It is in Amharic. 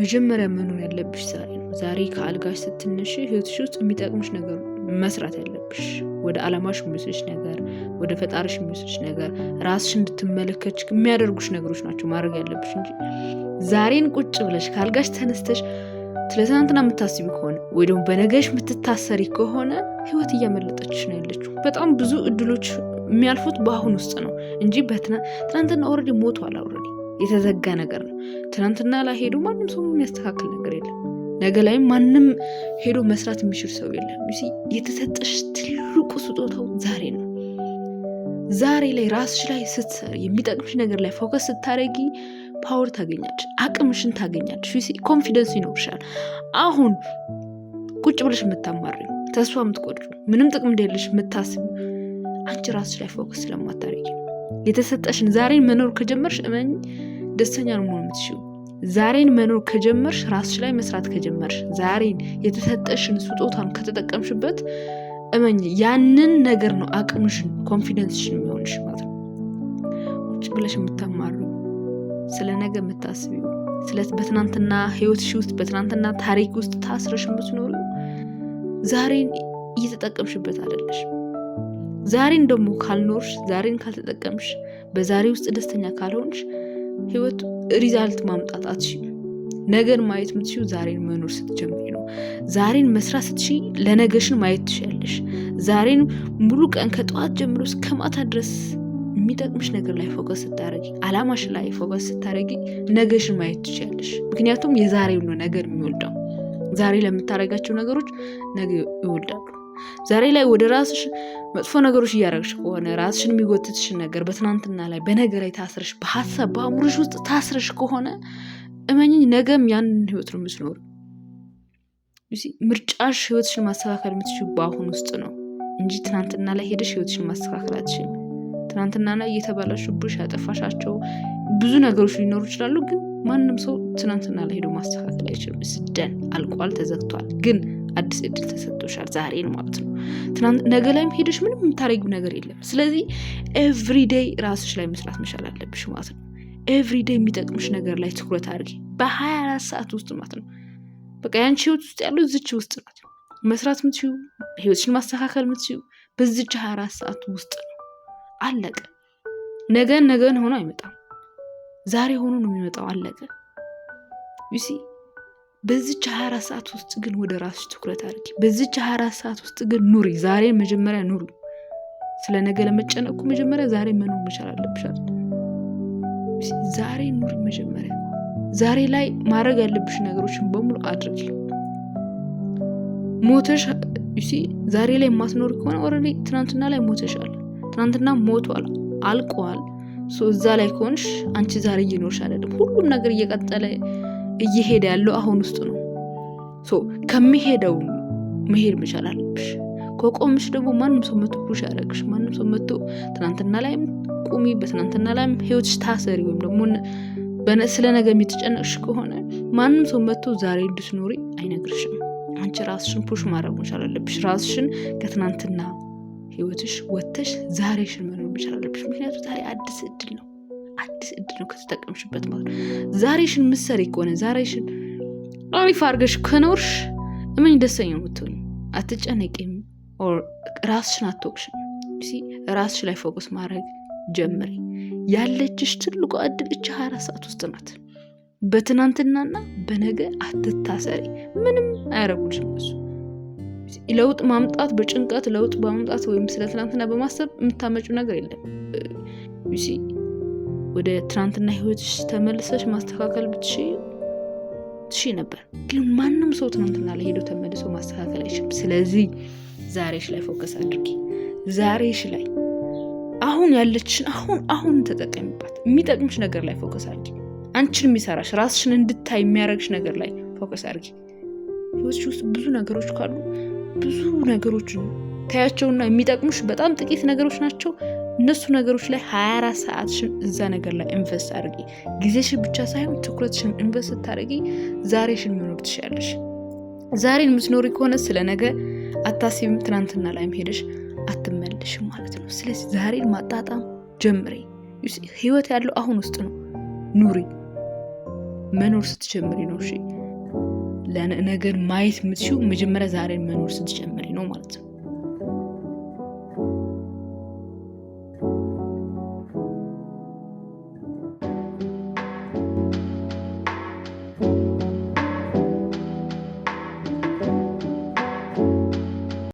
መጀመሪያ መኖር ያለብሽ ዛሬ ነው። ዛሬ ከአልጋሽ ስትነሽ ህይወትሽ ውስጥ የሚጠቅምሽ ነገር መስራት ያለብሽ ወደ አላማሽ የሚወስድሽ ነገር፣ ወደ ፈጣሪሽ የሚወስድሽ ነገር፣ ራስሽ እንድትመለከች የሚያደርጉሽ ነገሮች ናቸው ማድረግ ያለብሽ እንጂ ዛሬን ቁጭ ብለሽ ከአልጋሽ ተነስተሽ ስለትናንትና የምታስቢ ከሆነ ወይ ደግሞ በነገሽ የምትታሰሪ ከሆነ ህይወት እያመለጠችሽ ነው ያለችው። በጣም ብዙ እድሎች የሚያልፉት በአሁን ውስጥ ነው እንጂ በትናንትና ኦልሬዲ ሞቷል። የተዘጋ ነገር ነው። ትናንትና ላይ ሄዶ ማንም ሰው የሚያስተካክል ነገር የለም። ነገ ላይም ማንም ሄዶ መስራት የሚችል ሰው የለም። የተሰጠሽ ትልቁ ስጦታው ዛሬ ነው። ዛሬ ላይ ራስሽ ላይ ስትሰሪ፣ የሚጠቅምሽ ነገር ላይ ፎከስ ስታደረጊ ፓወር ታገኛለሽ፣ አቅምሽን ታገኛለሽ፣ ኮንፊደንስ ይኖርሻል። አሁን ቁጭ ብለሽ የምታማሪ ተስፋ የምትቆርጩ ምንም ጥቅም እንደሌለሽ የምታስብ አንቺ ራስሽ ላይ ፎከስ ስለማታደረጊ የተሰጠሽን ዛሬን መኖር ከጀመርሽ እመኝ ደስተኛ ነው መሆን የምትችይው። ዛሬን መኖር ከጀመርሽ፣ ራስሽ ላይ መስራት ከጀመርሽ፣ ዛሬን የተሰጠሽን ስጦታን ከተጠቀምሽበት እመኝ ያንን ነገር ነው አቅምሽን፣ ኮንፊደንስሽን የሚሆንሽ ማለት ነው። ውጭ ብለሽ የምታማሩ ስለ ነገ የምታስቢው በትናንትና ህይወትሽ ውስጥ በትናንትና ታሪክ ውስጥ ታስረሽ የምትኖሩ ዛሬን እየተጠቀምሽበት አይደለሽ። ዛሬን ደግሞ ካልኖርሽ፣ ዛሬን ካልተጠቀምሽ፣ በዛሬ ውስጥ ደስተኛ ካልሆንሽ ህይወቱ ሪዛልት ማምጣት አትሽ ነገን ማየት የምትችይው ዛሬን መኖር ስትጀምሪ ነው። ዛሬን መስራት ስትሽ ለነገሽን ማየት ትሻለሽ ዛሬን ሙሉ ቀን ከጠዋት ጀምሮ እስከ ማታ ድረስ የሚጠቅምሽ ነገር ላይ ፎከስ ስታደረጊ፣ አላማሽ ላይ ፎከስ ስታደረጊ ነገሽን ማየት ትችያለሽ። ምክንያቱም የዛሬ ነው ነገር የሚወልደው። ዛሬ ለምታደርጋቸው ነገሮች ነገ ይወልዳሉ። ዛሬ ላይ ወደ ራስሽ መጥፎ ነገሮች እያደረግሽ ከሆነ ራስሽን የሚጎትትሽን ነገር በትናንትና ላይ በነገ ላይ ታስረሽ በሀሳብ በአእምሮሽ ውስጥ ታስረሽ ከሆነ እመኝኝ ነገም ያንን ህይወት ነው የምትኖር። ምርጫሽ ህይወትሽን ማስተካከል የምትችል በአሁን ውስጥ ነው እንጂ ትናንትና ላይ ሄደሽ ህይወትሽን ማስተካከል አትችልም። ትናንትና ላይ እየተባላሽብሽ ያጠፋሻቸው ብዙ ነገሮች ሊኖሩ ይችላሉ ግን ማንም ሰው ትናንትና ላይ ሄዶ ማስተካከል አይችልም። ስደን አልቋል፣ ተዘግቷል። ግን አዲስ እድል ተሰጥቶሻል፣ ዛሬን ማለት ነው። ነገ ላይም ሄደሽ ምንም የምታደርጊው ነገር የለም። ስለዚህ ኤቭሪዴይ ራስሽ ላይ መስራት መቻል አለብሽ ማለት ነው። ኤቭሪዴይ የሚጠቅምሽ ነገር ላይ ትኩረት አድርጊ፣ በሀያ አራት ሰዓት ውስጥ ማለት ነው። በቃ ያንቺ ህይወት ውስጥ ያለው ዝች ውስጥ ናት። መስራት ምትዩ ህይወትሽን ማስተካከል ምትዩ በዝች ሀያ አራት ሰዓት ውስጥ ነው። አለቀ። ነገን ነገን ሆኖ አይመጣም። ዛሬ ሆኖ ነው የሚመጣው። አለቀ። ዩሲ በዚች 24 ሰዓት ውስጥ ግን ወደ ራስሽ ትኩረት አድርጊ። በዚች 24 ሰዓት ውስጥ ግን ኑሪ። ዛሬ መጀመሪያ ኑሪ። ስለ ነገ ለመጨነቁ መጀመሪያ ዛሬ መኖር መቻል አለብሻል። ዛሬ ኑሪ። መጀመሪያ ዛሬ ላይ ማድረግ ያለብሽ ነገሮችን በሙሉ አድርጊ። ሞተሽ ዩሲ ዛሬ ላይ የማትኖር ከሆነ ኦልሬዲ ትናንትና ላይ ሞተሻል። ትናንትና ሞቷል፣ አልቀዋል። እዛ ላይ ከሆንሽ አንቺ ዛሬ እየኖርሽ አይደለም። ሁሉም ነገር እየቀጠለ እየሄደ ያለው አሁን ውስጥ ነው። ሶ ከሚሄደው መሄድ መቻል አለብሽ። ከቆምሽ ደግሞ ማንም ሰው መቶ ፑሽ ያደረግሽ ማንም ሰው መቶ ትናንትና ላይም ቁሚ፣ በትናንትና ላይም ህይወትሽ ታሰሪ ወይም ደግሞ ስለ ነገ የሚተጨነቅሽ ከሆነ ማንም ሰው መቶ ዛሬ እንድትኖሪ አይነግርሽም። አንቺ ራስሽን ፑሽ ማድረግ መቻል አለብሽ። ራስሽን ከትናንትና ህይወትሽ ወጥተሽ ዛሬሽን መቻል አለብሽ። ምክንያቱ ዛሬ አዲስ እድል ነው፣ አዲስ እድል ነው ከተጠቀምሽበት ማለት ነው። ዛሬሽን ምሰሪ ከሆነ ዛሬሽን አሪፍ አድርገሽ ከኖርሽ እመኝ ደስተኛ ነው የምትሆኝ። አትጨነቂም፣ ራስሽን አትወቅሽም። ራስሽ ላይ ፎከስ ማድረግ ጀምሪ። ያለችሽ ትልቁ እድል እች 24 ሰዓት ውስጥ ናት። በትናንትናና በነገ አትታሰሪ። ምንም አያረጉልሽ እሱ ለውጥ ማምጣት በጭንቀት ለውጥ በማምጣት ወይም ስለ ትናንትና በማሰብ የምታመጩ ነገር የለም። ወደ ትናንትና ህይወትሽ ተመልሰሽ ማስተካከል ብትሽ ትሺ ነበር፣ ግን ማንም ሰው ትናንትና ላይ ሄዶ ተመልሶ ማስተካከል አይችልም። ስለዚህ ዛሬሽ ላይ ፎከስ አድርጊ። ዛሬሽ ላይ አሁን ያለችን አሁን አሁን ተጠቀሚባት። የሚጠቅምሽ ነገር ላይ ፎከስ አድርጊ። አንቺን የሚሰራሽ ራስሽን እንድታይ የሚያደርግሽ ነገር ላይ ፎከስ አድርጊ። ህይወትሽ ውስጥ ብዙ ነገሮች ካሉ ብዙ ነገሮችን ታያቸውና የሚጠቅሙሽ በጣም ጥቂት ነገሮች ናቸው። እነሱ ነገሮች ላይ 24 ሰዓትሽን እዛ ነገር ላይ ኢንቨስት አድርጊ። ጊዜሽን ብቻ ሳይሆን ትኩረትሽን ኢንቨስት ስታደርጊ ዛሬሽን መኖር ትሻለሽ። ዛሬን የምትኖሪ ከሆነ ስለ ነገ አታስቢም። ትናንትና ላይም ሄደሽ አትመለሽም ማለት ነው። ስለዚህ ዛሬን ማጣጣም ጀምሬ ህይወት ያለው አሁን ውስጥ ነው። ኑሪ መኖር ስትጀምሪ ነው። እሺ ነገር ማየት የምትችው መጀመሪያ ዛሬን መኖር ስትጀምሪ ነው ማለት ነው።